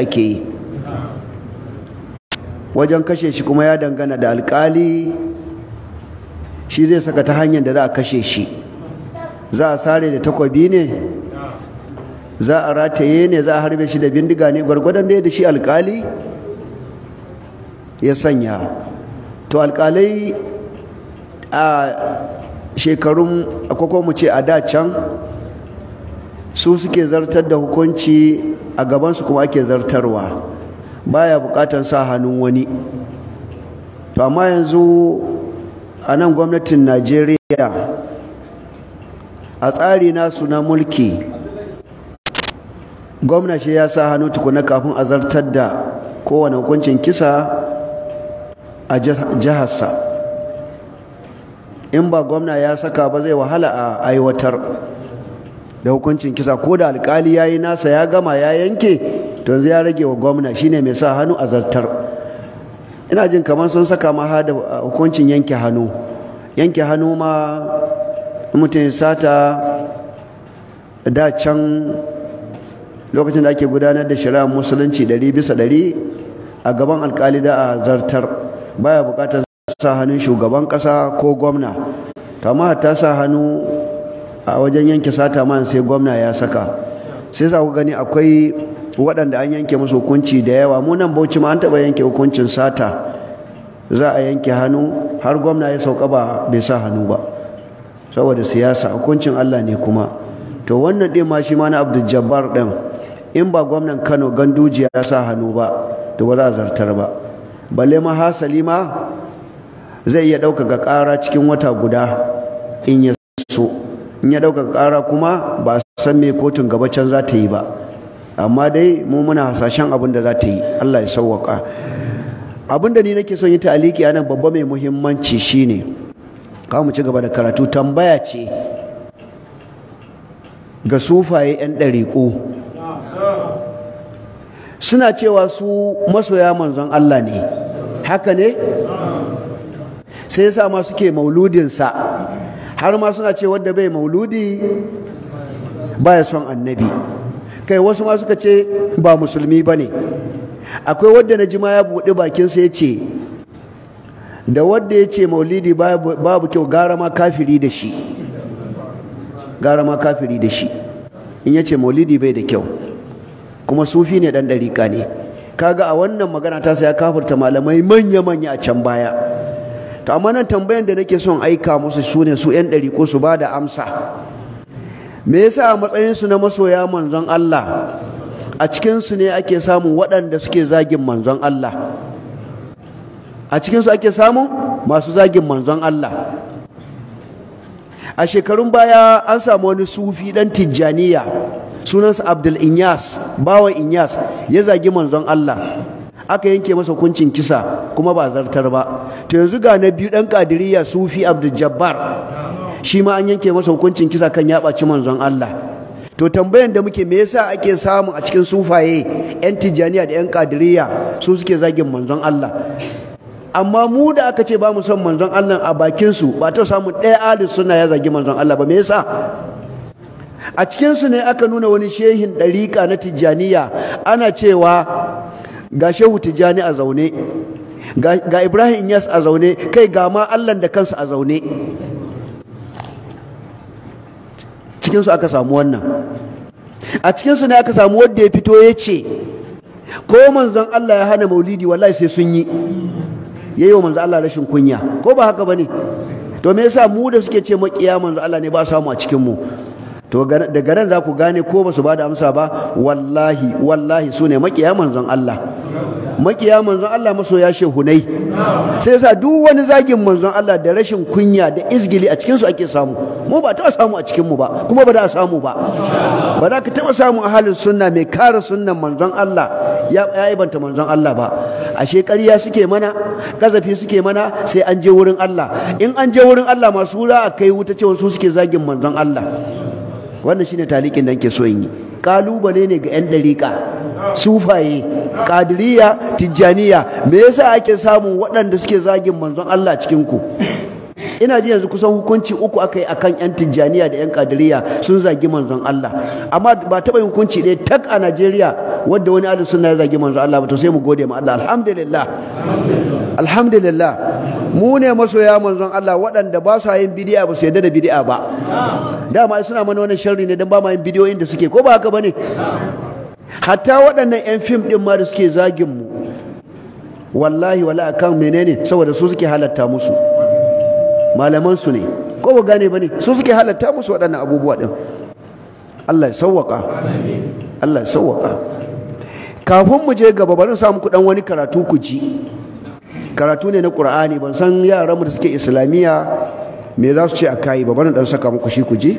ake yi wajen kashe shi kuma ya dangana da alkali shi zai saka ta hanyar da za a kashe shi za a sare da takwabi ne za a rataye ne za a harbe shi da bindiga ne gwargwadon da da shi alkali ya sanya to alkalai a shekarun akwai mu ce a da can su suke zartar da hukunci a gabansu kuma ake zartarwa baya bukatan sa hannun wani to amma yanzu a nan gwamnatin najeriya a tsari nasu na mulki gwamna shi ya sa hannu tukuna kafin a zartar da kowane hukuncin kisa a jiharsa in ba gwamna ya saka ba zai wahala a aiwatar da hukuncin kisa ko da alkali yi nasa ya gama ya yanke to yanzu ya rage wa gwamna shine mai sa hannu a zartar ina jin kamar sun saka ma da uh, hukuncin yanke hannu yanke hannu ma mutum sata da can lokacin da ake gudanar da shari'a musulunci ɗari bisa ɗari a gaban alkali da a zartar baya bukatar sa hannun shugaban ƙasa ko gwamna amma ta sa hannu a wajen yanke sata man sai gwamna ya saka sai za ku gani akwai waɗanda an yanke musu hukunci da yawa mu nan bauchi ma an taɓa yanke hukuncin sata za a yanke hannu har gwamna ya sauka ba bai sa hannu ba saboda siyasa hukuncin Allah ne kuma to wannan ɗin ma shi ma na Abdul Jabbar ɗin in ba gwamnan Kano ganduji ya sa hannu ba to ba za a zartar ba balle ma hasali ma zai iya ɗaukaka ƙara cikin wata guda in ya in ya ɗaukaka ƙara kuma ba san me kotun gaba can za ta yi ba amma dai mu muna hasashen abin da za ta yi Allah ya sauwaka abin da ni nake son yi ta a nan babba mai muhimmanci shine ne. ci gaba da karatu tambaya ce ga sufaye 'yan ɗariƙo suna cewa su masoya manzon Allah ne haka ne sai yasa ma suke mauludinsa har ma suna ce wadda bai mauludi baya son annabi kai wasu ma suka ce ba musulmi ba ne akwai wadda na jima ya buɗe bakinsa ya ce da wadda ya ce maulidi babu kyau gara ma kafiri da shi gara ma kafiri da shi in ya ce maulidi bai da kyau kuma sufi ne ɗan ɗarika ne kaga a wannan magana ta ya kafirta malamai manya-manya a can baya to amma nan tambayan da nake son aika musu su ne su 'yan ɗari ko su ba da amsa me yasa a matsayinsu na masoya manzon Allah a cikinsu ne ake samun waɗanda suke zagin manzon Allah a cikinsu ake samun masu zagin manzon Allah a shekarun baya an samu wani sufi ɗan tijjaniya sunansa abdul inyas bawan inyas ya zagi manzon Allah aka yanke masa hukuncin kisa kuma ba zartar ba to yanzu ga na biyu dan kadiriya sufi abdul jabbar shi ma an yanke masa hukuncin kisa kan ya ɓaci manzon Allah to tambayan da muke me yasa ake samu a cikin sufaye yan tijaniya da yan kadiriya su suke zagin manzon Allah amma mu da aka ce ba mu son manzon Allah a bakin su ba ta samu ɗaya ahli suna ya zagi manzon Allah ba me yasa a cikin su ne aka nuna wani shehin ɗariƙa na tijaniya ana cewa ga shehu tijjani a zaune ga ibrahim inyas a zaune kai ga ma allan da kansa a zaune cikinsu aka samu wannan a cikinsu ne aka samu wadda ya fito ya ce ko manzon allah ya hana maulidi wallahi sai sun yi ya yi wa manzon allah rashin kunya ko ba haka ba ne to me yasa mu da suke ce maƙiya manzon allah ne ba samu a cikinmu to daga nan za ku gane ko ba su ba da amsa ba wallahi wallahi su ne makiya manzon Allah makiya manzon Allah masoya shehunai sai yasa duk wani zagin manzon Allah da rashin kunya da izgili a cikinsu ake samu mu ba ta samu a cikinmu ba kuma ba a samu ba ba za ka taɓa samu ahalin sunna mai kare sunnan manzon Allah ya aibanta manzon Allah ba ashe ƙarya suke mana kazafi suke mana sai an je wurin Allah in an je wurin Allah masu wura a kai wuta cewa su suke zagin manzon Allah wannan shine talikin da nake so in yi kalubale ne ga 'yan dariƙa sufaye kadiriya tijjaniya me yasa ake samun waɗanda suke zagin manzon Allah cikin ku ina ji yanzu kusan hukunci uku aka yi akan yan tijjaniya da yan kadiriya sun zagi manzon Allah amma ba taɓa yin hukunci ɗaya tak a Najeriya wadda wani ahlus na ya zagi manzon Allah ba to sai mu gode ma Allah alhamdulillah alhamdulillah mu ne masoya manzon Allah waɗanda ba sa yin bidi'a ba su yarda da bidi'a ba dama suna mana wani sharri ne don ba ma yin bidiyoyin da suke ko ba haka bane hatta waɗannan 'yan fim ɗin ma da suke zagin mu wallahi wala akan menene saboda su suke halatta musu malaman su ne ko ba gane bane su suke halatta musu waɗannan abubuwa din Allah ya sauwaka Allah ya kafin mu je gaba bari samu ku dan wani karatu ku ji karatu ne na ƙur'ani ban san yaran mu da suke islamiya me za su ce a kai ba bari dan saka muku shi ku ji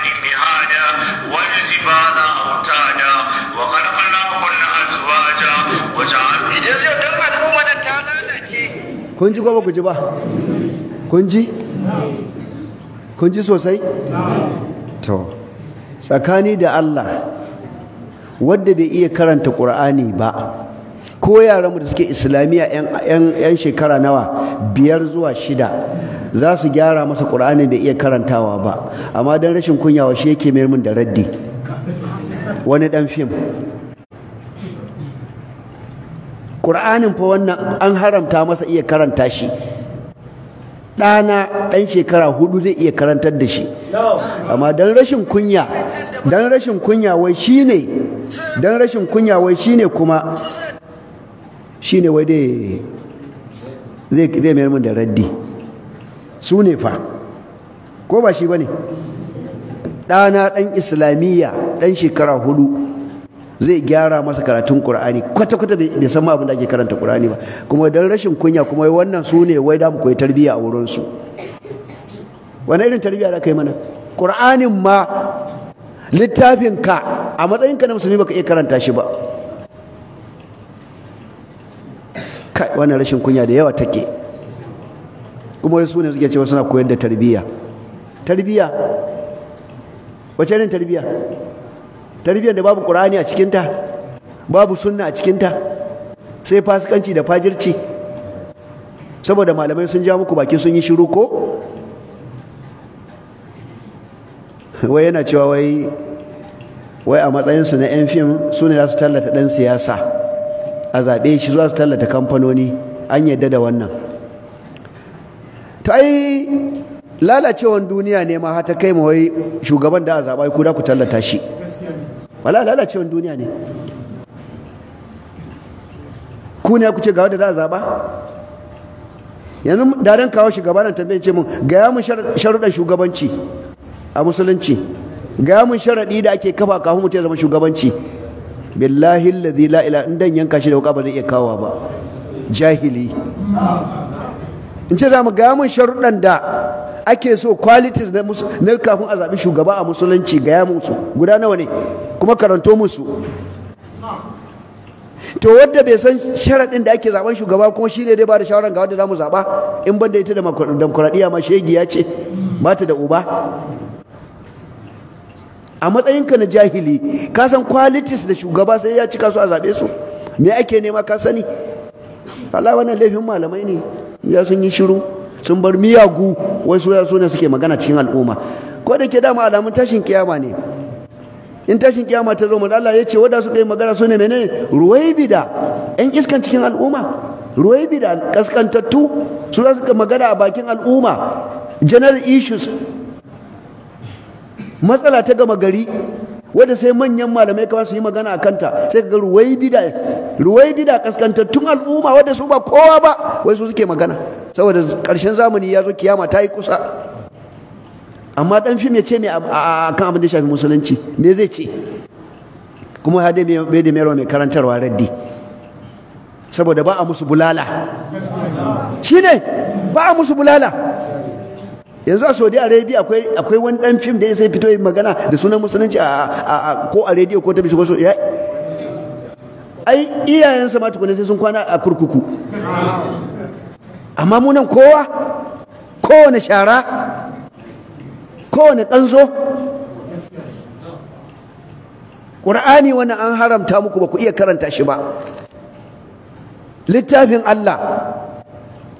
جهادا والجبال أوتادا وخلقناهن أزواجا وجعلنا إذا زيادة الأمة تعالى kun ji ko ku ji ba kun ji kun ji sosai to tsakani da Allah wadda bai iya karanta Qur'ani ba ko yaranmu da suke islamiyya 'yan shekara nawa biyar zuwa shida za su gyara masa ƙur'ani bai iya karantawa ba amma don rashin kunyawa shi yake mayar min da raddi wani ɗan fim ƙur'anin fa wannan an haramta masa iya karanta shi ɗana ɗan shekara hudu zai iya karantar da shi amma don rashin kunya don rashin kunya wai shine don rashin kunya wai ne kuma shine wai dai zai mayar min da raddi su ne fa ko ba shi ba ne ɗana ɗan islamiyya ɗan shekara hudu zai gyara masa karatun Kur'ani kwata-kwata bai san abin da ake karanta Kur'ani ba kuma don rashin kunya kuma wannan su ne wai da mu koyi tarbiyya a wurin su wani irin tarbiyya da kai mana Kur'anin ma littafin ka a matsayin ka na musulmi baka iya karanta shi ba kai wannan rashin kunya da yawa take kuma wasu ne suke cewa suna koyar da tarbiyya tarbiyya wace ne tarbiyya tarbiyyar da babu qur'ani a cikinta babu sunna a cikinta sai fasikanci da fajirci saboda malamai sun ja muku baki sun yi shiru ko wai yana cewa wai wai a matsayinsu na 'yan fim su ne za su tallata ɗan siyasa a zaɓe shi za su tallata kamfanoni an yadda da wannan to ai lalacewan duniya ne ma ta kai ma wai shugaban da a zaɓa ku da ku tallata shi wala lalacewan duniya ne ku ne ku ce ga wanda da a zaɓa yanzu daren kawo shugaban nan tambayin ce mun gaya mun sharuɗan shugabanci a musulunci gaya mun sharaɗi da ake kafa kawo mutum ya zama shugabanci billahi alladhi la ilaha in dan yanka shi da wuka ba zai iya kawo ba jahili in ce za mu ga mun sharuɗan da ake so qualities na kafin a zaɓi shugaba a musulunci gaya musu guda nawa ne kuma karanto musu to wadda bai san sharaɗin da ake zaɓen shugaba kuma shi ne dai ba da shawaran ga wadda za mu zaɓa in banda ita da demokuraɗiyya ma ya ce ba ta da uba a matsayinka na jahili ka san qualities da shugaba sai ya cika su a zaɓe su me ake nema ka sani Allah wannan laifin malamai ne ya sun yi shiru sun bar miyagu wasu ya ne suke magana cikin al'umma ko da ke dama alamun tashin kiyama ne in tashin kiyama ta zo mu Allah ya ce wanda suka yi magana su ne menene ruwaibida ɗan iskan cikin al'umma ruwaibida kaskantattu su za suka magana a bakin al'umma general issues matsala ta gama gari wadda sai manyan malamai kawai su yi magana a kanta sai ga ruwaidida bida kaskantattun al'umma wadda su ba kowa ba wai su suke magana saboda karshen zamani ya zo kiyama ta yi kusa amma dan fim ya ce a kan abin da shafi musulunci me zai ce kuma dai mai da mai karantarwa raddi saboda ba a musu bulala shine ba a musu bulala yanzu a saudi arabia akwai akwai wani dan fim da ya sai fito magana da sunan musulunci a ko a rediyo ko ta bisu ya ai ma tukuna sai sun kwana a kurkuku amma munan kowa kowane shara kowane ɗanzo ƙur'ani wannan an haramta muku ba ku iya karanta shi ba littafin allah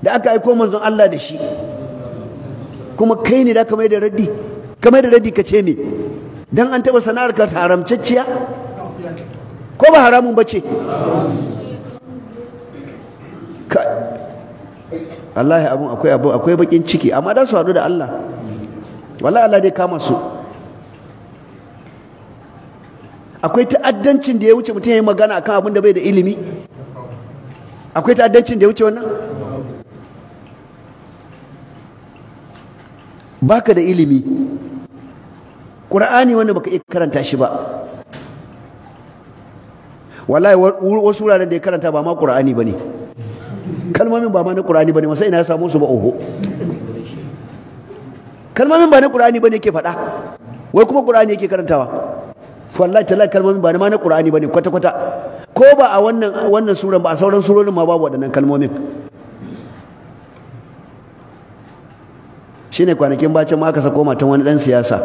da aka aiko manzon allah da shi kuma kai ne da ka da raddi ka da raddi ka ce me dan an taɓa sana'ar ka haramcacciya ko ba haramun ba ce Allah abun akwai abu akwai bakin ciki amma da su haɗu da Allah wallahi Allah dai kama su akwai ta'addancin da ya wuce mutum ya yi magana akan abin da bai da ilimi akwai ta'addancin da ya wuce wannan baka da ilimi ƙura'ani wanda baka iya karanta shi ba wallahi wasu wuraren da ya karanta ba ma ƙura'ani ba ne kalmomin ba ma na ƙura'ani ba ne masai na ya samu su ba oho kalmomin ba na ƙura'ani ba ne ke faɗa wai kuma ƙura'ani yake karantawa wallahi tallahi kalmomin ba na ma na ƙura'ani ba ne kwata-kwata ko ba a wannan wannan suran ba a sauran surorin ma babu waɗannan kalmomin Shi ne kwanakin bacin ma aka sako matan wani dan siyasa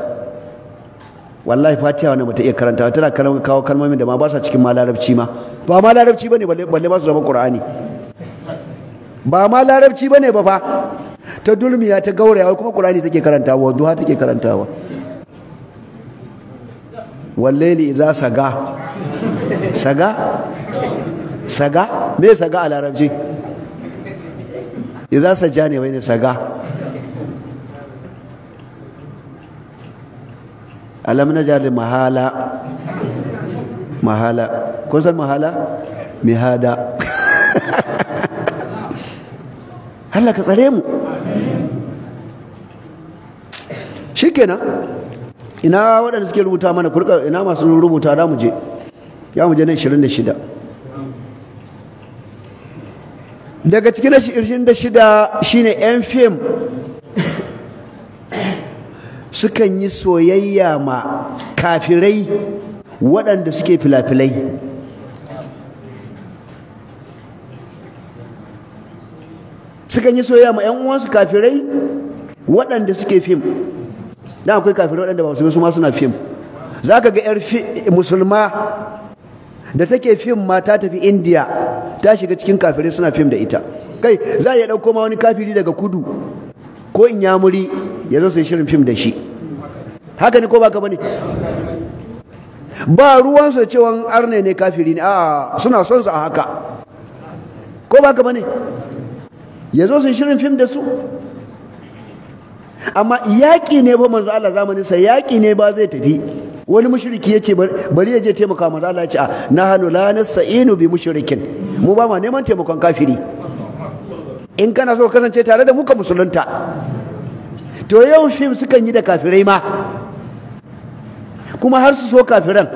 wallahi fatiha wani bata iya karanta tana kawo kalmomin da ma ba sa cikin ma larabci ma ba ma larabci bane balle balle ba su zama qur'ani ba ma larabci bane ba fa ta dulmiya ta gauraya kuma qur'ani take karantawa duha take karantawa wallaili idza saga saga saga me saga a larabci idza ne wai ne saga alam na jari mahala mahala kun san mahala mihada Allah ka tsare mu shikenan ina waɗanda suke rubuta mana kurka ina masu rubuta da mu je ya mu je na 26 daga cikin 26 shine yan sukan yi soyayya ma kafirai waɗanda suke filafilai sukan yi soyayya ma 'yan uwansu kafirai waɗanda suke fim na akwai kafirai waɗanda ba musulmi su ma suna fim za ka ga 'yar musulma da take fim ma ta tafi indiya ta shiga cikin kafirai suna fim da ita kai za a iya ɗauko ma wani kafiri daga kudu ko in muri. ya zo su yi shirin fim da shi haka ne ko ba ka bane ba ruwansu cewa arne ne kafiri ne a suna son su a haka ko ba ka bane ya zo su shirin fim da su amma yaƙi ne ba manzo Allah zamanin sa yaƙi ne ba zai tafi wani mushriki yace bari ya je taimaka manzo Allah ya ce na halu la nasainu bi mushrikin mu ba ma neman taimakon kafiri in kana so kasance tare da muka musulunta to yawan fim sukan yi da kafirai ma kuma har su so kafiran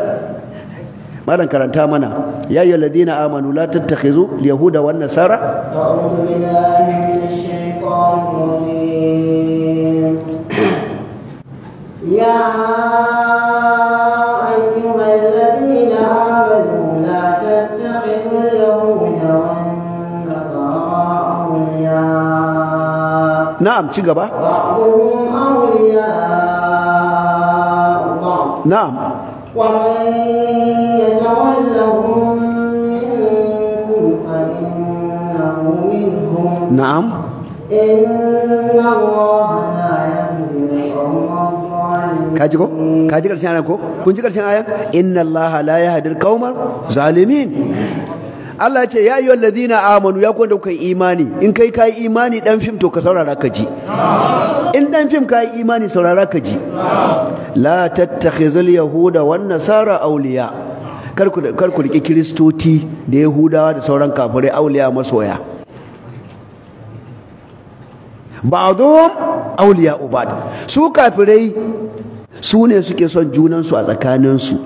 malam karanta mana ya yi ladina amanu la tattakhizu yahuda wan nasara na'am ci gaba na'am na'am kaji ko kaji karshen ayan ko kun ji karshen ayan inna allaha la yahdi al zalimin Allah ce ya wallazi ladina amanu ya kwanta kuka imani in kai kai imani dan fim to ka saurara ka ji in dan fim kai imani saurara ka ji la tattakhizul yahuda wan nasara awliya karku karku kar riki kristoti da yahudawa da sauran kafirai awliya masoya ba'dhum awliya ubad su kafirai su ne suke son junansu a tsakaninsu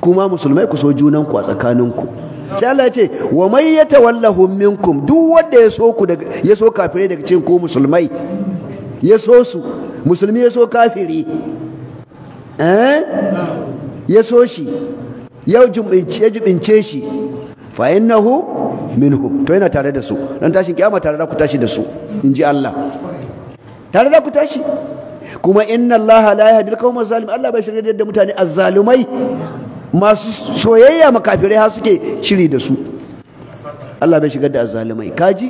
kuma musulmai ku so junanku a tsakaninku Allah ya ce wa may yatawallahu minkum duk wanda ya so ku daga ya so kafirai daga cikin ko musulmai ya so su musulmi ya so kafiri eh ya so shi ya jubince shi fa innahu minhum to yana tare da su dan tashin kiyama tare da ku tashi da su inji Allah tare da ku tashi kuma inna Allah la yahdi al-qawma zalim Allah bai shirye da mutane azzalumai masu soyayya makafirai har suke shiri da su Allah bai shigar da azzalumai kaji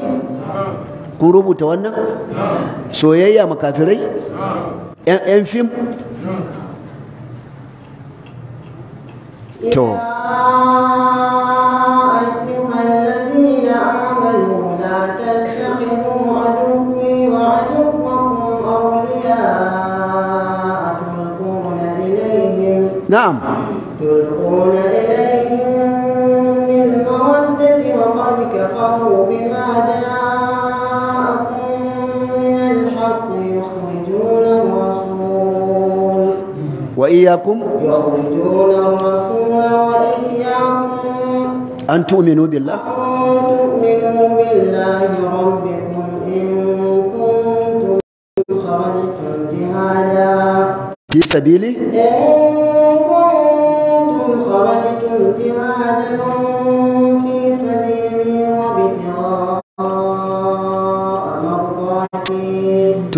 kun rubuta wannan soyayya makafirai yan fim to يلقون إليهم من مودة وقد كفروا بما جاءكم من الحق يخرجون الرسول وإياكم يخرجون الرسول وإياكم أن تؤمنوا بالله أن تؤمنوا بالله ربكم إن كنتم خرجتم جهادا في سبيله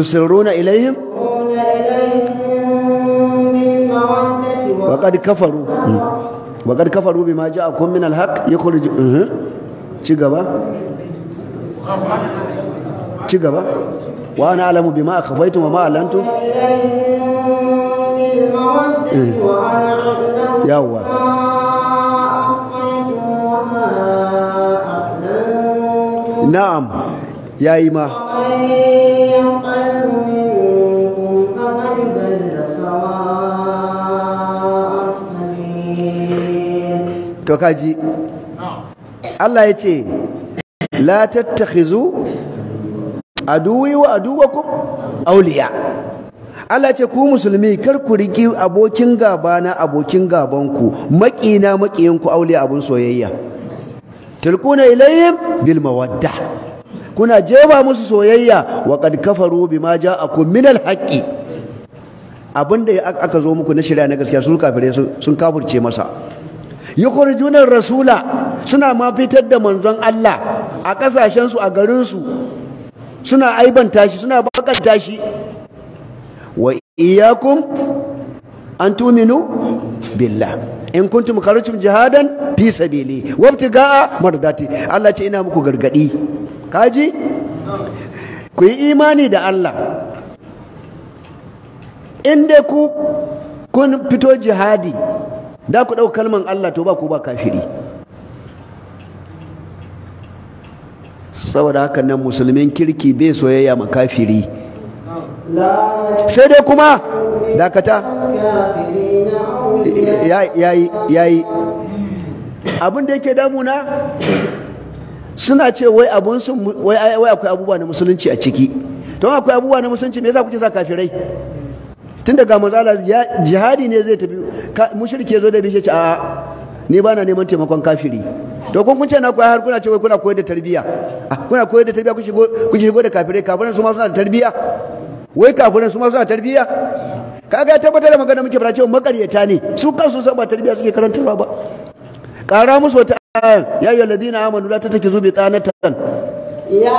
تسرون إليهم وقد كفروا وقد كفروا بما جاءكم من الحق يخرج تجبا تجبا وأنا أعلم بما أخفيتم وما أعلنتم يا الله na'am yayi ma to kaji Allah ya ce la tattakhizu aduwi wa aduwakum awliya Allah ce ku musulmi kar ku riki abokin gaba na abokin gabanku maƙina ku auliya abun soyayya tilkuna ilayhim bil mawadda kuna jeba musu soyayya wa qad kafaru bima ja'akum min al haqqi abinda aka zo muku na shirya na gaskiya su kafire sun kafurce masa yukhrijuna rasula suna ma fitar da manzon Allah a kasashen su a garin su suna aibanta shi suna bakanta shi wa iyyakum an tuminu billah in kuntum kharajtum jihadan fi sabili wabtigaa mardati Allah ce ina muku gargadi kaji ku yi imani da Allah in dai ku kun fito jihadi da ku ɗau kalman Allah to ba ku ba kafiri saboda haka nan musulmin kirki bai soyayya ma kafiri sai dai kuma dakata yayi yayi abin da yake damuna suna ce wai abun sun wai akwai abubuwa na musulunci a ciki don akwai abubuwa na musulunci me yasa kuke sa kafirai tun daga manzala jihadi ne zai tafi mushrike zo da bishe ce a ni ba na neman taimakon kafiri to kun ce na koyi har kuna ce wai kuna koyar da tarbiyya ah, kuna koyar da tarbiyya ku shigo da kafirai kafiran su ma suna da tarbiyya wai kafiran su ma suna da tarbiyya kaga ya tabbatar da magana muke fara cewa makaryata ne su kansu sun ba tarbiyya suke karantarwa ba Kara musu wata ya yi ladina amanu la ta take zubi tsanatan ya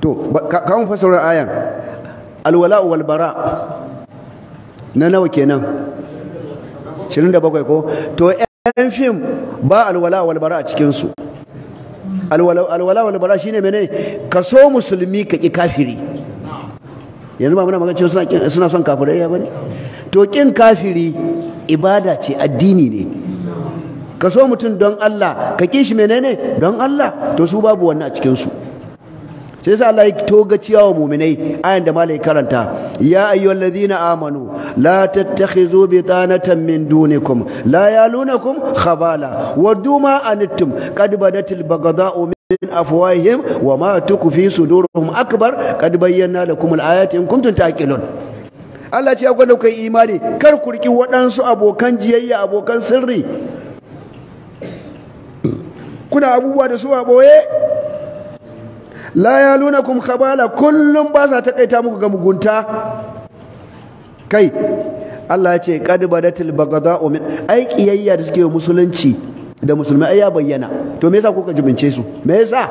to kawon fasarar ayan alwala walbara na nawa kenan 27 ko to yan fim ba alwala walbara a cikinsu alwala walbara ne mene ka so musulmi ka ƙi kafiri yanzu ba muna magance suna son kafirai ya bane to ƙin kafiri ibada ce addini ne ka so mutum don Allah ka ƙi shi menene don Allah to su babu wannan a cikinsu sai sa Allah ya ciya wa muminai ayan da malai karanta ya ayyuhallazina amanu la tattakhizu bitanatan min dunikum la yalunakum khabala wa duma anittum qad badatil afwahihim wa ma وما تكفي صدورهم أكبر قد بينا لكم الآيات in kuntum taqilun Allah ce akwai kai imani kar ku riki waɗansu abokan jiyayya abokan sirri kuna abubuwa da su a ɓoye la yalunakum khabala kullum ba sa takaita muku ga mugunta kai Allah ya ce qad badatil baghdha'u min ai kiyayya da suke musulunci da musulmai ai ya bayyana to me yasa kuka jibince su me yasa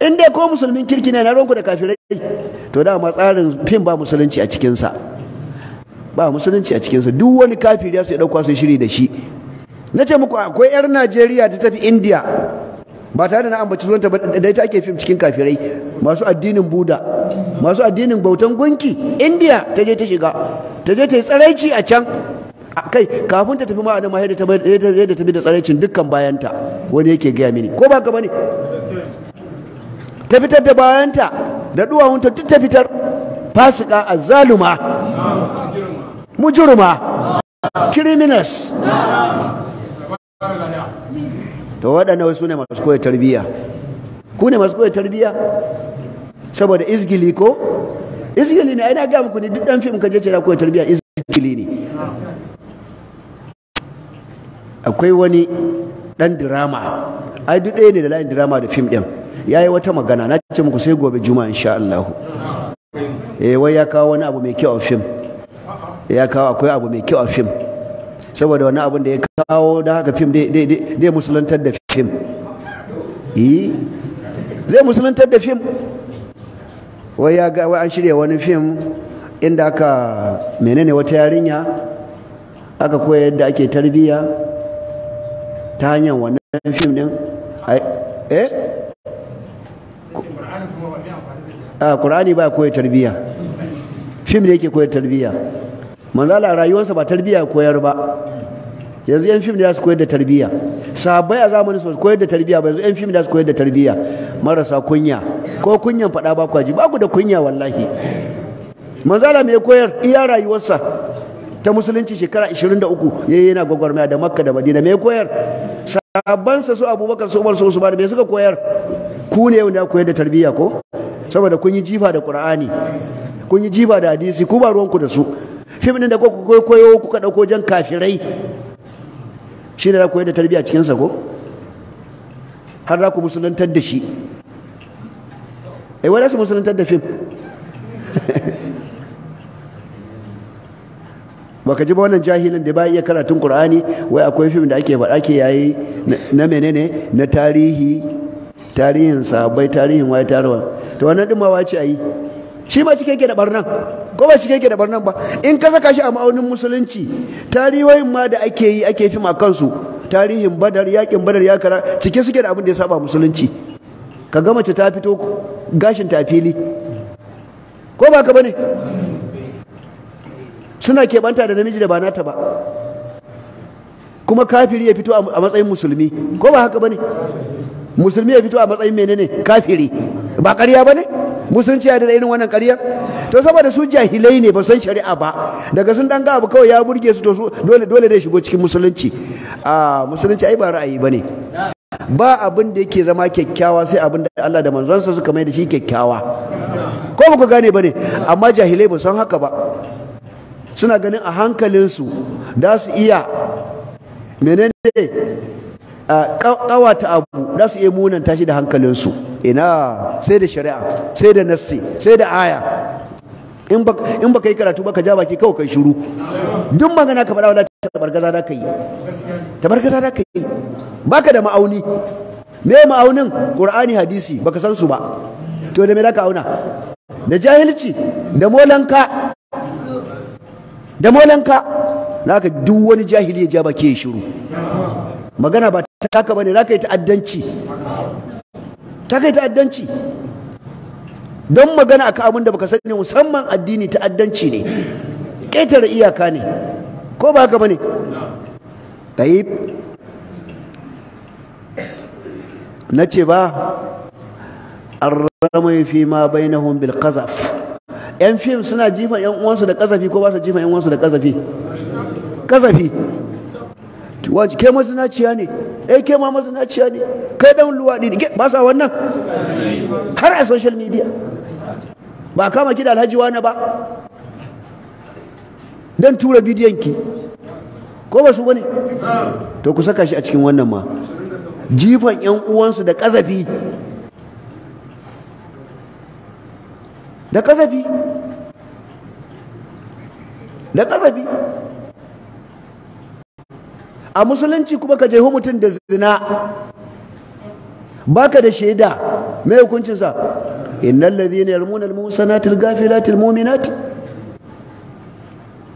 in dai ko musulmin kirki ne na ranku da kafirai to ma tsarin fim ba musulunci a cikinsa ba musulunci a cikinsa duk wani kafiri ya sai dauka ɗauka shiri da shi na ce muku akwai 'yar najeriya ta tafi indiya ba tare da na ambaci sunanta ba da ita ake fim cikin kafirai masu addinin buda masu addinin bautan gunki india ta je ta shiga ta je ta yi tsaraici a can kai kafin ta tafi ma'ana ma yadda ta bi da tsaraicin dukkan bayanta wani yake gaya mini ko ba gaba ne? ta fitar da bayanta da duwawunta duk ta fitar fasika azzaluma mujuruma criminals to waɗanda wasu ne masu koya tarbiyya ku ne masu koya tarbiyya saboda izgili ko izgili ne ina ga muku ne duk dan fim ka je cira koya tarbiyya izgili ne akwai wani dan drama ai duk ɗaya ne da layin drama da fim ɗin yi wata magana na ce muku sai gobe juma'a insha Allah eh wai ya kawo wani abu mai kyau a fim ya kawo akwai abu mai kyau a fim saboda wani abin da ya kawo da haka fim zai musulantar da fim zai musulantar da fim wai ya ga an shirya wani fim inda aka menene wata yarinya aka koya yadda ake tarbiyya ta hanyar wannan fim din eh a ƙur'ani ba koya tarbiyya fim da yake koya tarbiyya manzala rayuwarsa ba tarbiyya koyar ba yanzu yan fim da su koyar da tarbiyya Sabai a zamanin su koyar da tarbiyya ba yanzu yan fim da su koyar da tarbiyya marasa kunya ko kunyan faɗa ba kwaji ba ku da kunya wallahi manzala mai koyar iya rayuwarsa ta musulunci shekara 23 yayi yana gwagwarmaya da makka da madina mai koyar sahabbansa su abubakar su umar su usman me suka koyar ku ne wanda koyar da tarbiyya ko saboda kun yi jifa da qur'ani kun yi jifa da hadisi ku ba ruwanku da su fim ɗin da kuka koyo kuka ɗauko jan kafirai shi ne za ku da tarbiyya cikinsa ko har za ku musulantar da shi eh wani su musulantar da fim baka ji ba wannan jahilin da ba iya karatun qur'ani wai akwai fim da ake faɗa ke yayi na menene na tarihi tarihin sahabbai tarihin wai tarawa to wannan din ma wace ayi shi ma cike yake da barnan ko ba cike yake da barnan ba in ka saka shi a ma'aunin musulunci tarihoyin ma da ake yi ake fi kansu tarihin badar yakin badar ya kara cike suke da abin da ya saba musulunci ka ga mace ta fito gashin ta fili ko ba ka bane suna keɓanta da namiji da ba nata ba kuma kafiri ya fito a matsayin musulmi ko ba haka bane musulmi ya fito a matsayin menene kafiri ba ƙarya ba ne musulunci ya da irin wannan ƙarya to saboda su jahilai ne ba san shari'a ba daga sun dan ga abu kawai ya burge su to su dole dole dai shigo cikin musulunci a musulunci ai ba ra'ayi ba ne ba abin da yake zama kyakkyawa sai abin da Allah da manzonsa suka mai da shi kyakkyawa ko ba ku gane ba ne amma jahilai ba san haka ba suna ganin a hankalinsu da su iya menene ƙawata abu za su iya munanta shi da hankalinsu ina sai da shari'a sai da nassi sai da aya in ba ka yi karatu ba ka ja baki kawai kai shuru. duk magana ka faɗa wadata tabargaza da ka yi tabargaza da ka yi ka da ma'auni me ma'aunin qur'ani hadisi ba ka san su ba to da me za ka auna da jahilci da molanka da molanka naka duk wani jahili ya ja baki ya shuru. magana ba ta ka bane za ka yi ta'addanci ta ka yi ta'addanci don magana a abin da baka sani musamman addini ta'addanci ne ƙetare iyaka ne ko ba haka bane tayyib na ce ba An ya fi ma na bil qazaf yan fim suna jifa yan uwansu da kazafi ko ba su jifa yan uwansu da kazafi kazafi waji ke mazinaciya ne eh ke ma mazinaciya ne kai dan luwaɗi ne ba sa wannan har a social media ba kama ki da alhaji wani ba dan tura bidiyon ki ko ba su bane to ku saka shi a cikin wannan ma jifan yan uwansu da kazafi da kazafi da kazafi a musulunci kuma ka hu mutum da zina baka da shaida mai hukuncinsa innal ladhina yarmuna al-muhsanatil latin mu'minat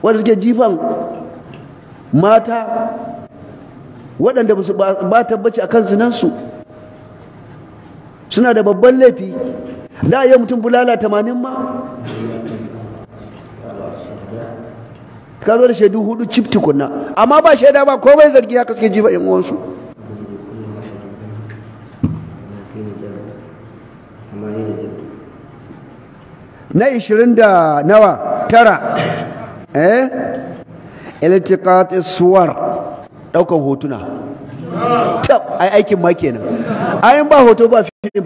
wanda suke jifan mata waɗanda ba su ba tabbaci akan zinansu suna da babban laifi da yau mutum bulala tamanin ma ka zo da shaidu hudu cif tukunna amma ba shaida ba komai zargi haka suke jifa yan uwansu na ishirin da nawa tara eh iltiqat suwar ɗaukar hotuna tab ai aikin ma kenan ayin ba hoto ba fim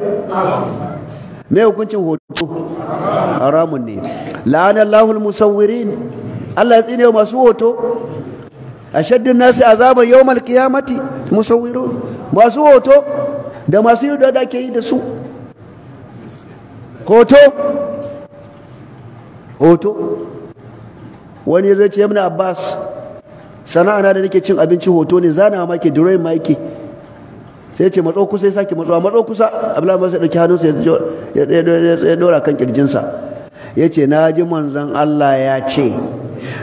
me hukuncin hoto haramun ne La'anar Allahul musawwirin Allah ya tsine masu hoto ashaddin nasi azaban yawmal qiyamati musawwiru masu hoto da masu yi da ke yi da su hoto hoto wani zai ce yamna abbas sana'a na da nake cin abinci hoto ne zana ma ke duroyin ma yake sai ce matso kusa ya sake matso a matso kusa abdullahi masu ɗauki hannunsa ya ɗora kan ƙirjinsa ya ce na ji manzon allah ya ce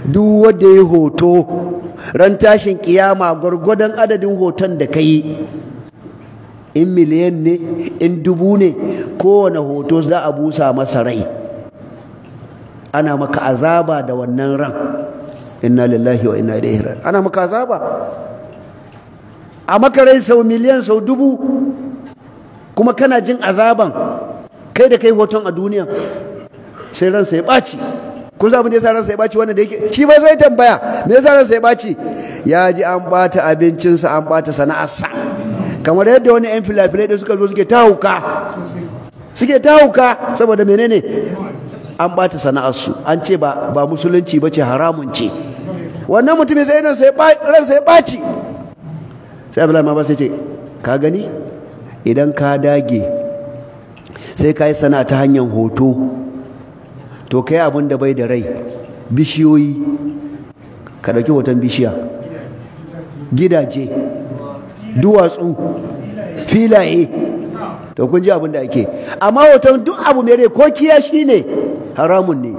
duk wanda ya hoto ran tashin kiyama gwargwadon adadin hoton da ka yi in miliyan ne in dubu ne kowane hoto za a busa masa rai ana maka azaba da wannan ran inna lillahi wa inna ilaihi raji'un ana maka azaba a maka rai sau miliyan sau dubu kuma kana jin azaban kai da kai hoton a duniya sai ransa ya ɓaci kun za abin da yasa ransa ya baci wanda da yake shi ba zai tambaya me yasa ransa ya baci ya ji an bata abincinsa an bata sana'arsa kamar yadda wani yan filafilai da suka zo suke tahuka suke tahuka saboda menene an bata sana'arsu an ce ba ba musulunci ba ce haramun ce wannan mutumin sai ransa ya baci sai abdullahi ma ba sai ce ka gani idan ka dage sai ka yi sana ta hanyar hoto to kai abin da bai da rai bishiyoyi ka ɗauki hoton bishiya gidaje duwatsu filaye to kun ji abin da ake amma hoton duk abu mai rai ko shi ne haramun ne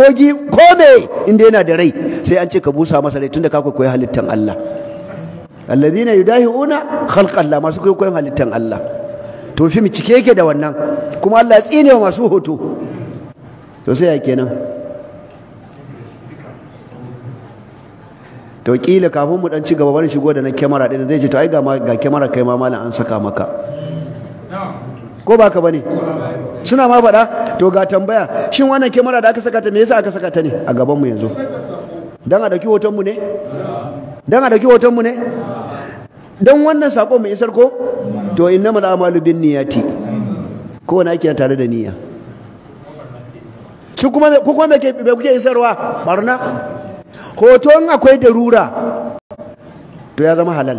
ko gi ko me inda yana da rai sai an ce ka busa masa rai tunda ka koyi halittan Allah alladhina yudahiuna khalqa Allah masu koyon halittan Allah to fi mu cike yake da wannan kuma Allah ya tsine wa masu hoto to sai ya kenan to kila kafin mu dan ci gaba bari shigo da na kyamara din zai ce to ai ga ga kyamara kai ma malam an saka maka ko ba ka bane suna ma faɗa to ga tambaya shin wannan kyamara da aka saka ta me yasa aka saka ta ne a gaban mu yanzu dan a dauki hoton mu ne dan a dauki hoton mu ne dan wannan sako mai isar ko to innamal a'malu binniyati ko na ake tare da niyya shi kuma ko kuma me kuke isarwa barna hoton akwai darura to ya zama halal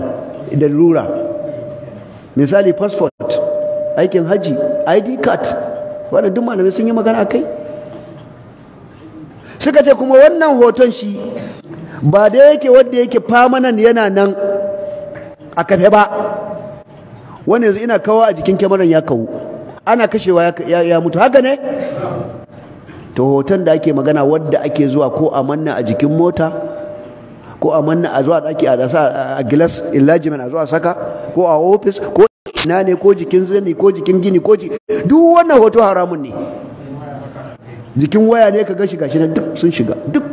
rura. misali passport aikin haji id card wanda duk malamai sun yi magana kai suka ce kuma wannan hoton shi ba da yake wanda yake famanan yana nan a kafe ba wani yanzu ina kawo a jikin kyamaran ya kawo ana kashewa ya mutu haka ne to hoton da ake magana wadda ake zuwa ko a manna a jikin mota ko a manna a zuwa daki a dasa a glass enlargement a zuwa saka ko a ofis ko ina ne ko jikin zani ko jikin gini ko duk wannan hoto haramun ne jikin waya ne ka gashi gashi na duk sun shiga duk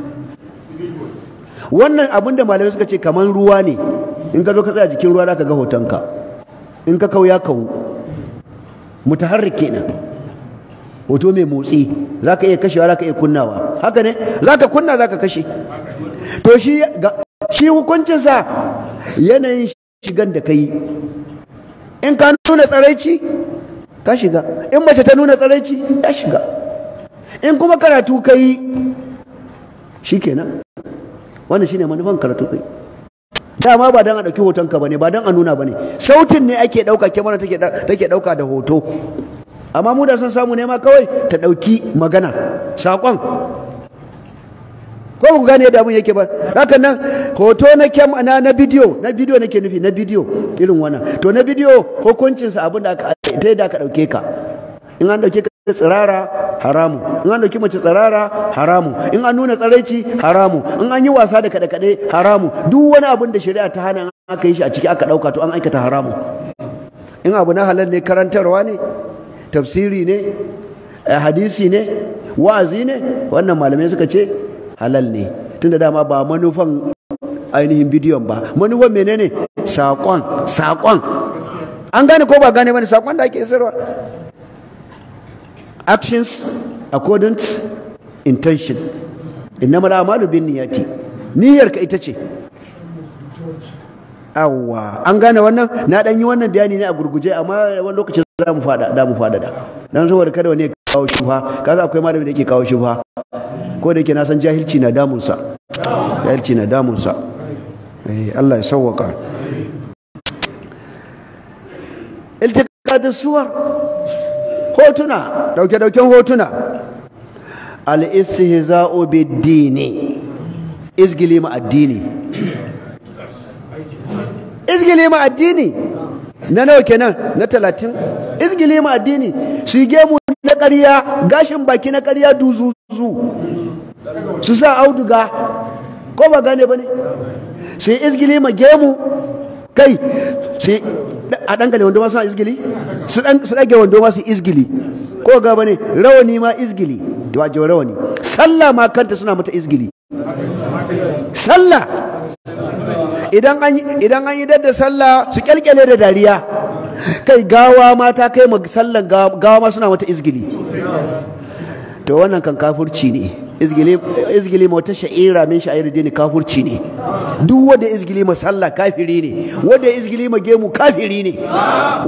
wannan abin da malamai suka ce kaman ruwa ne in ka zo ka tsaya jikin ruwa za ka ga hotonka in ka kau ya kawu mutaharrike kenan hoto mai motsi za ka iya kashewa za ka iya kunnawa haka ne za ka kunna za ka kashe to shi shi hukuncinsa yanayin shigan da ka yi in ka nuna tsaraici ka shiga in mace ta nuna tsaraici ya shiga in kuma karatu ka yi shi kenan wannan ne manufan karatu yi dama ba dan a ɗauki hoton ka ne, ba dan a nuna ba ne. sautin ne ake ɗauka kyamara take ɗauka da hoto amma mu da san samu nema kawai ta ɗauki magana Sakon. ko ku gane yadda mun yake ba haka nan hoto na kyam na na bidiyo na bidiyo nake nufi na bidiyo irin wannan to na bidiyo hukuncinsa abin da aka ta yadda aka ɗauke ka in an ɗauke ka tsirara haramu in an ɗauki mace tsirara haramu in an nuna tsaraici haramu in an yi wasa da kaɗe-kaɗe haramu duk wani abin da shari'a ta hana aka yi shi a ciki aka ɗauka to an aikata haramu in abu na halal ne karantarwa ne tafsiri ne eh, hadisi ne wa'azi ne wannan malamai suka ce halal ne tunda dama ba manufan ainihin bidiyon ba manufan menene saƙon saƙon an gane ko ba gane wani saƙon da ake isarwa actions according to intention mala a'malu binniyati niyyarka ita ce awwa an gane wannan na dan yi wannan bayani ne a gurguje amma wani lokacin za mu fada da mu fada da dan saboda kada wani ya kawo shubha kaza akwai malami da yake kawo shubha ko da yake na san jahilci na damun sa jahilci na damun sa eh Allah ya sawwaka da suwar hotuna dauke dauken hotuna al istihza'u bid-dini izgili ma addini izgili ma addini na nawa kenan na talatin izgili ma addini su yi gemu na ƙarya gashin baki na ƙarya duzuzu su sa auduga ko ba gane ba ne su yi izgili ma gemu kai su yi a ɗangale wando ma suna izgili su ɗage wando ma su izgili ko ga ba ne rawani ma izgili da wajen rawani sallah ma kanta suna mata izgili sallah idan an yi dadda sallah su kyalkyale da dariya kai gawa ma kai ma sallan gawa ma suna mata izgili to wannan kan kafurci ne izgili izgili sha'ira min sha'ir dini kafurci ne duk wanda izgili ma sallah kafiri ne wanda izgili ma gemu kafiri ne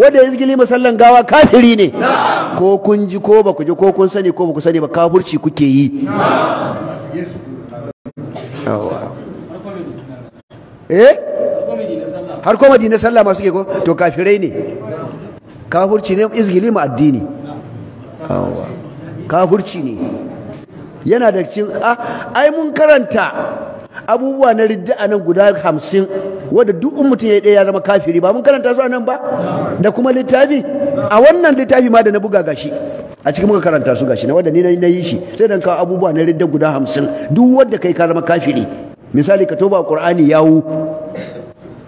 wanda izgili ma sallan gawa kafiri ne ko kun ji ko ba ku ji ko kun sani ko ba ku sani ba kafurci kuke yi eh har kuma na sallah masu ke ko to kafirai ne kafurci ne izgili ma addini kafurci ne yana da cikin ah, ai mun karanta abubuwa na ridda a nan guda hamsin wadda duk mutum ya yi ya zama kafiri ba mun karanta su a nan ba da kuma littafi a wannan littafi ma da na buga gashi a cikin muka karanta su gashi na wadda ni na yi shi sai dan kawo abubuwa na ridda guda hamsin duk wadda kai ka zama kafiri misali ka toba qur'ani yawo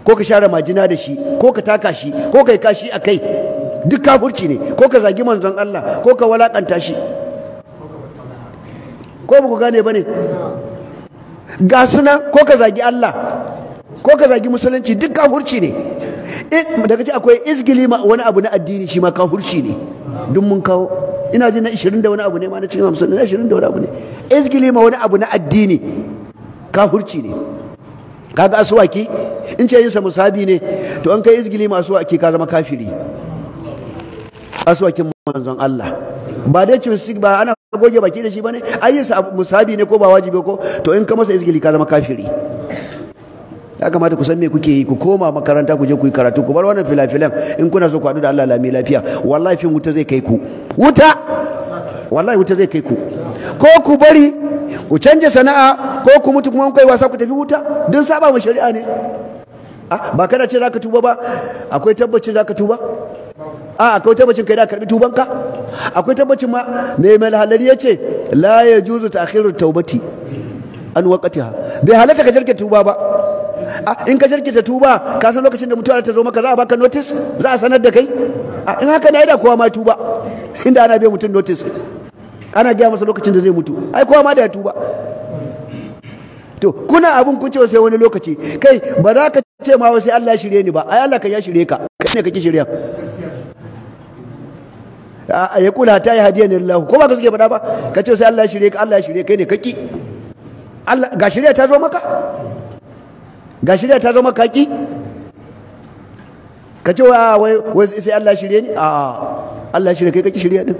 ko ka share majina da shi ko ka taka shi ko ka yi kashi a kai duk kafurci ne ko ka zagi manzon Allah ko ka walakanta shi ko ba ku gane ba ne ga suna ko ka zagi Allah ko ka zagi musulunci duk kafurci ne daga ci akwai izgili wani abu na addini shi ma kafurci ne duk mun kawo ina ji na 20 da wani abu ne ma na cikin 50 na 20 da wani abu ne izgili ma wani abu na addini kafurci ne kaga asuwaki in ce yinsa musabi ne to an kai izgili ma asuwaki ka zama kafiri asuwakin manzon Allah ba dai sik ba ana goge baki da shi bane sa musabi ne ko ba wajibi ko to in ka masa izgili ka zama kafiri ya kamata ku san me kuke yi ku koma makaranta ku je ku yi karatu ku bar wannan filafilan in kuna so ku haɗu da Allah lami lafiya wallahi fin wuta zai kai ku wuta wallahi wuta zai kai ku ko ku bari ku canje sana'a ko ku mutu kuma kai wasa ku tafi wuta don saba wa shari'a ne ba kana ce zaka tuba ba akwai tabbacin zaka tuba a akwai tabbacin kai da karbi tubanka akwai tabbacin ma mai malhalari ya ce la ya ta'khiru ta taubati an waƙatiha bai halata ka jirka tuba ba Ah, in ka jirkita tuba ka san lokacin da mutuwa ta zo maka za a baka notice za a sanar da kai ah, in haka na da kowa ma tuba inda ana biya mutum notice ana gaya masa lokacin da zai mutu ai kowa ma da ya tuba to kuna abin kun ce sai wani lokaci kai ba za ka ce ma sai Allah shirye ni ba ai Allah kan ya shirye ka kai ne kake shirya a ya kula ta yi hadiyan lillahi ko ba ka suke faɗa ba ka ce sai Allah ya shirye ka Allah ya shirye kai ne kaki Allah ga shirya ta zo maka ga shirya ta zama kaki ka ce wa wai sai Allah shirye ni a Allah shirye kai kaki shirya din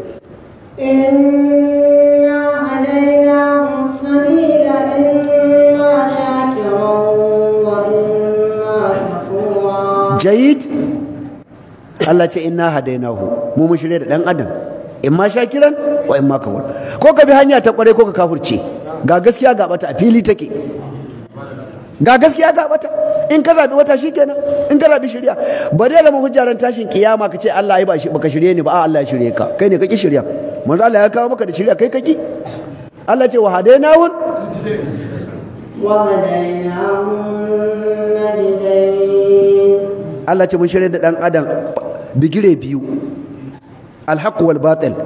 jayid Allah ce inna hadainahu mu mu shirye da dan adam in ma shakiran wa in ma kawar ko ka bi hanya ta kware ko ka kafurce ga gaskiya ga bata a fili take ga gaskiya ga bata in ka zabi wata shikenan in ka zabi shirya ba dai lamu hujjaran tashin kiyama ka ce Allah ya bashi baka shirye ni ba Allah ya shirye ka kai ne ka ki shirya manzo Allah ya kawo maka da shirya kai ka ki Allah ce wa hadainahun Allah ce mun shirya da dan adam bigire biyu alhaq wal batil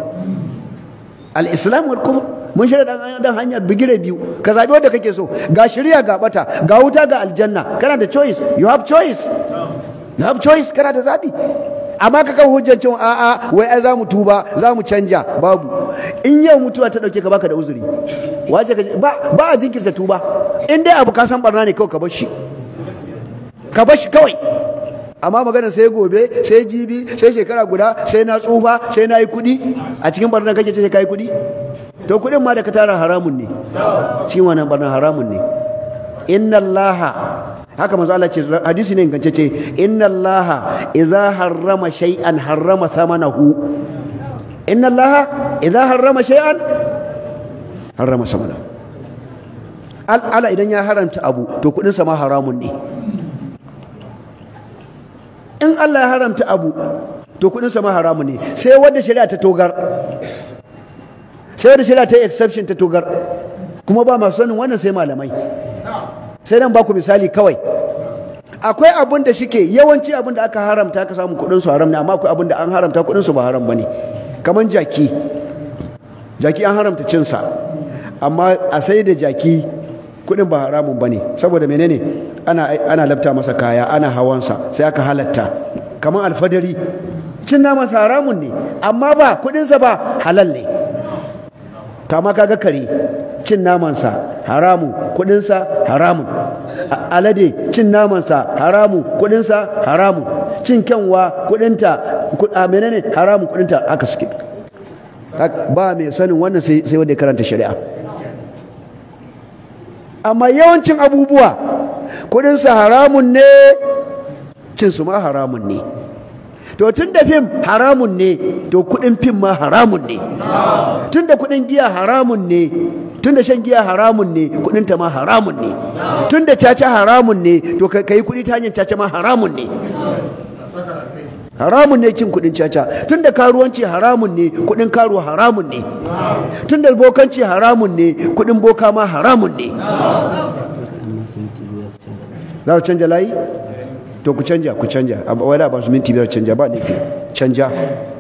al-islam wal kufr mun shirya dan dan hanya bigire biyu ka zabi wanda kake so ga shirya ga bata ga wuta ga aljanna kana da choice you have choice you have choice kana da zabi amma ka kan hujjancin a'a wai ai zamu tuba zamu canja babu in yau mutuwa ta dauke ka baka da uzuri wace ka ba ba a jinkirta tuba in dai abu ka san barna ne kawai ka bar shi ka bar shi kawai amma magana sai gobe sai jibi sai shekara guda sai na tsufa sai na yi kuɗi a cikin barna kake ce sai ka yi kuɗi to kuɗin ma da ka tara haramun ne cikin wannan barna haramun ne inna allaha haka manzo Allah ce hadisi ne ingantacce inna allaha idza harrama shay'an harrama thamanahu inna allaha idza harrama shay'an harrama thamanahu al'ala idan ya haramta abu to kudin sa ma haramun ne in Allah ya haramta abu to kudin sa ma haramun ne sai wanda shari'a ta togar sai da shila ta exception ta togar kuma ba masu sanin wannan sai malamai sai nan baku misali kawai akwai abin da shike yawanci abin da aka haramta ka samu kudin su haram ne amma akwai abin da an haramta kudin su ba haram bane kaman jaki jaki an haramta cin amma a sai da jaki kudin ba haramun bane saboda menene ana ana lafta masa kaya ana hawansa sai aka halatta kaman alfadari cin naman haramun ne amma ba kudin sa ba halal ne kama kaga kare cin namansa haramu kudinsa haramun alade cin namansa haramu kudinsa haramu cin kyanwa kudinta a menene haramu kudinta aka suke ba mai sanin wannan sai wanda ya karanta shari'a amma yawancin abubuwa kudinsa haramun ne cin su ma haramun ne to tun da fim haramun ne to kudin fim ma haramun ne tun da kudin giya haramun ne tun da shan giya haramun ne Kudinta ta ma haramun ne tun da caca haramun ne to ka yi kudi ta hanyar caca ma haramun ne haramun ne cin kudin caca tunda karuwanci haramun ne kudin karuwa haramun ne tunda bokanci haramun ne kudin boka ma haramun ne za canja layi to ku canja ku canja wani ba su minti biyar canja ba ne canja